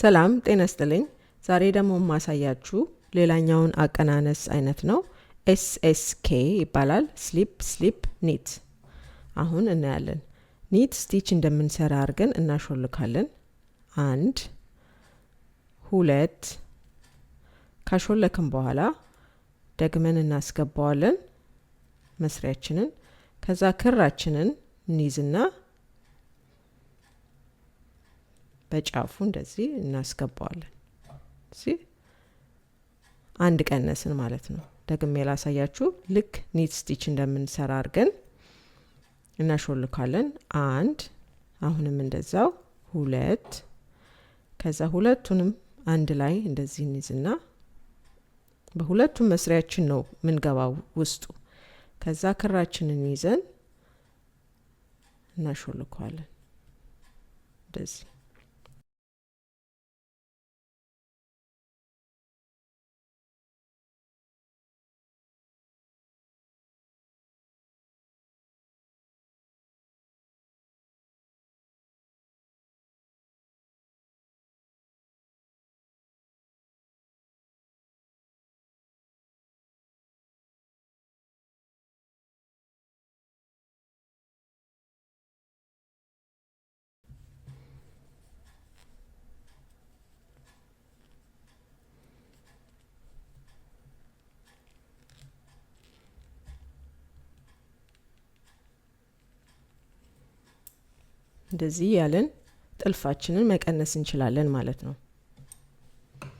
ሰላም ጤና ስጥልኝ። ዛሬ ደግሞ የማሳያችሁ ሌላኛውን አቀናነስ አይነት ነው። ኤስኤስኬ ይባላል። ስሊፕ ስሊፕ ኒት። አሁን እናያለን። ኒት ስቲች እንደምንሰራ አድርገን እናሾልካለን። አንድ ሁለት። ካሾለክን በኋላ ደግመን እናስገባዋለን መስሪያችንን። ከዛ ክራችንን እንይዝና በጫፉ እንደዚህ እናስገባዋለን። አንድ ቀነስን ማለት ነው። ደግሜ ላሳያችሁ። ልክ ኒት ስቲች እንደምንሰራ አድርገን እናሾልካለን። አንድ፣ አሁንም እንደዛው ሁለት። ከዛ ሁለቱንም አንድ ላይ እንደዚህ እንይዝና በሁለቱም መስሪያችን ነው ምንገባው ውስጡ። ከዛ ክራችንን ይዘን እናሾልከዋለን እንደዚህ እንደዚህ ያለን ጥልፋችንን መቀነስ እንችላለን ማለት ነው።